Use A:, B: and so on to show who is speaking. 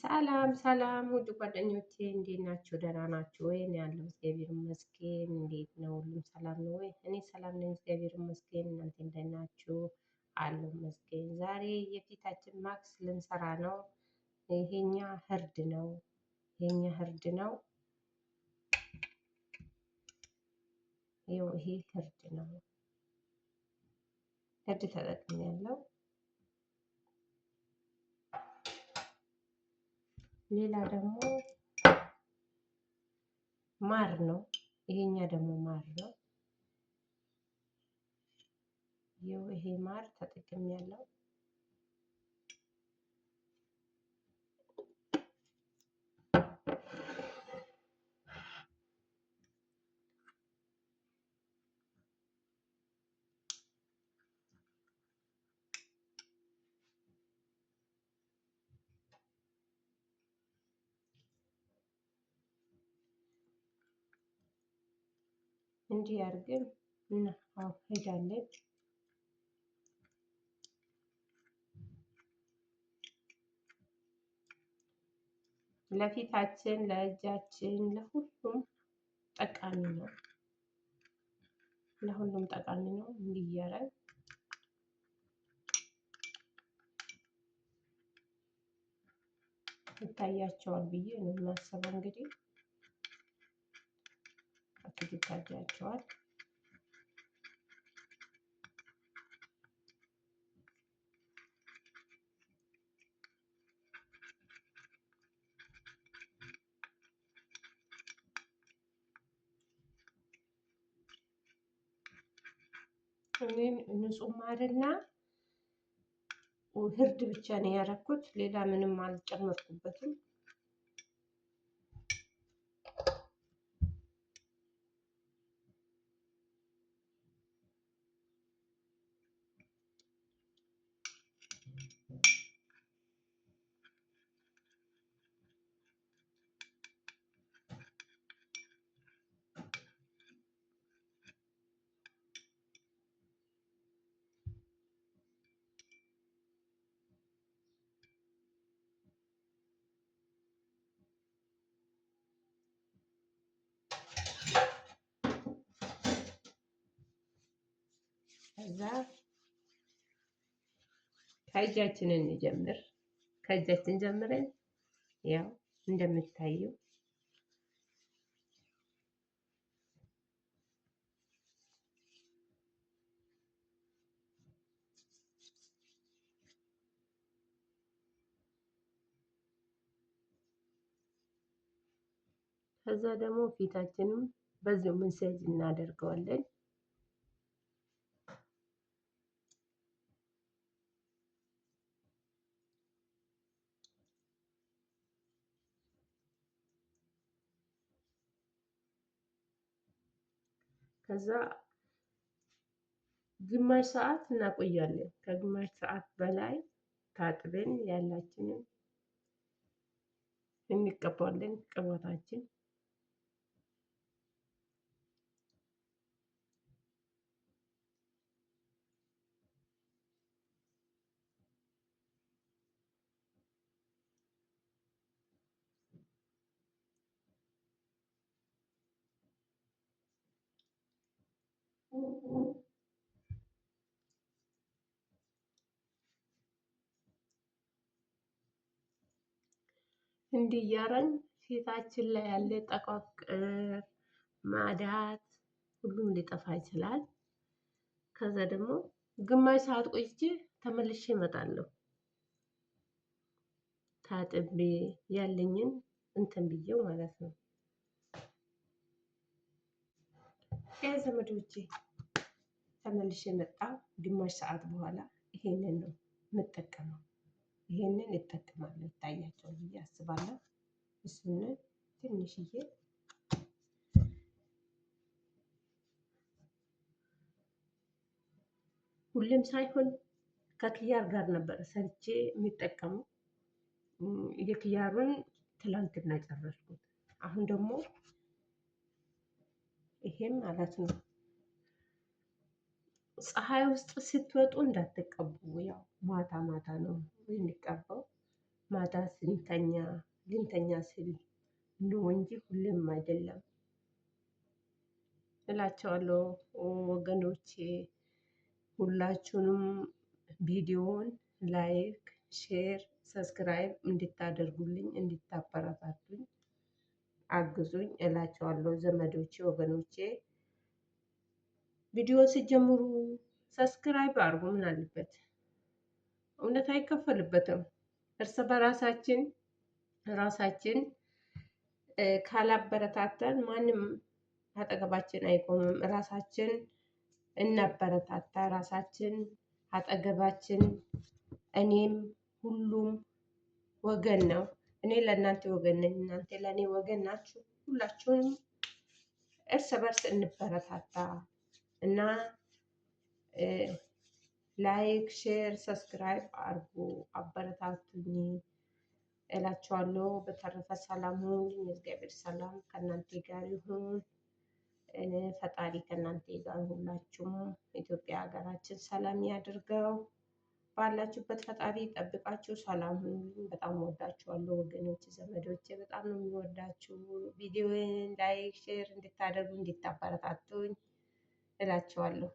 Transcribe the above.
A: ሰላም ሰላም ውድ ጓደኞቼ እንዴት ናችሁ? ደህና ናችሁ ወይ? እኔ ያለው እግዚአብሔር ይመስገን። እንዴት ነው? ሁሉም ሰላም ነው ወይ? እኔ ሰላም ነኝ፣ እግዚአብሔር ይመስገን። እናንተ እንዴት ናችሁ? አለው ይመስገን። ዛሬ የፊታችን ማክስ ልንሰራ ነው። ይሄኛ ህርድ ነው፣ ይሄኛ ህርድ ነው። ይሄ ህርድ ነው፣ ህርድ ተጠቅሜ ያለው ሌላ ደግሞ ማር ነው። ይሄኛ ደግሞ ማር ነው። ይሄ ማር ተጠቅሜያለሁ። እንዲህ እና እናው ሄዳለች። ለፊታችን፣ ለእጃችን፣ ለሁሉም ጠቃሚ ነው። ለሁሉም ጠቃሚ ነው። እንዲያረግ ይታያቸዋል ብዬ ነው የማስበው እንግዲህ ብዙ ይታያቸዋል። እኔም ንጹህ ማርና እርድ ብቻ ነው ያደረኩት። ሌላ ምንም አልጨመርኩበትም። ከዛ ከእጃችንን እንጀምር። ከእጃችን ጀምረን ያው እንደምታየው ከዛ ደግሞ ፊታችንም በዚሁ ምንሰጅ እናደርገዋለን። ከዛ ግማሽ ሰዓት እናቆያለን። ከግማሽ ሰዓት በላይ ታጥበን ያላችንን እንቀባዋለን ቅባታችን እንዲያረኝ ፊታችን ላይ ያለ ጠቋቅር ማዳት ሁሉም ሊጠፋ ይችላል። ከዛ ደግሞ ግማሽ ሰዓት ቆይቼ ተመልሼ እመጣለሁ። ታጥቤ ያለኝን እንትን ብዬው ማለት ነው። ይህ ዘመዶቼ ተመልሼ መጣ ግማሽ ሰዓት በኋላ ይሄንን ነው የምጠቀመው። ይህንን ይጠቀማሉ ይታያቸው ብዬ አስባለሁ። እሱንም ትንሽዬ ሁሌም ሳይሆን ከክያር ጋር ነበር ሰርቼ የሚጠቀመው። የክያሩን ትላንትና ጨረስኩት። አሁን ደግሞ ይሄም ማለት ነው ፀሐይ ውስጥ ስትወጡ እንዳትቀቡ። ያው ማታ ማታ ነው የሚቀባው። ማታ ስንተኛ ልንተኛ ስል ነው እንጂ ሁሌም አይደለም እላቸዋለሁ ወገኖቼ። ሁላችሁንም ቪዲዮውን ላይክ፣ ሼር፣ ሰብስክራይብ እንድታደርጉልኝ እንድታበረታቱኝ አግዙኝ እላቸዋለሁ ዘመዶቼ፣ ወገኖቼ። ቪዲዮ ሲጀምሩ ሰብስክራይብ አርጉ ምን አለበት? እውነት አይከፈልበትም። እርስ በራሳችን ራሳችን ካላበረታተን ማንም አጠገባችን አይቆምም። ራሳችን እናበረታታ፣ ራሳችን አጠገባችን። እኔም ሁሉም ወገን ነው። እኔ ለእናንተ ወገን ነኝ፣ እናንተ ለእኔ ወገን ናችሁ። ሁላችሁንም እርስ በርስ እንበረታታ። እና ላይክ፣ ሼር፣ ሰብስክራይብ አርጉ፣ አበረታቱኝ እላቸዋለሁ። በተረፈ ሰላም ሁኑ። የእግዚአብሔር ሰላም ከእናንተ ጋር ይሁን። ፈጣሪ ከእናንተ ጋር ሁላችሁም። ኢትዮጵያ ሀገራችን ሰላም ያድርገው። ባላችሁበት ፈጣሪ ጠብቃችሁ ሰላም ሁኑ። በጣም ወዳችኋለሁ ወገኖች፣ ዘመዶች፣ በጣም ነው የሚወዳችሁ። ቪዲዮን ላይክ፣ ሼር እንድታደርጉ እንድታበረታቱኝ el achuarlo.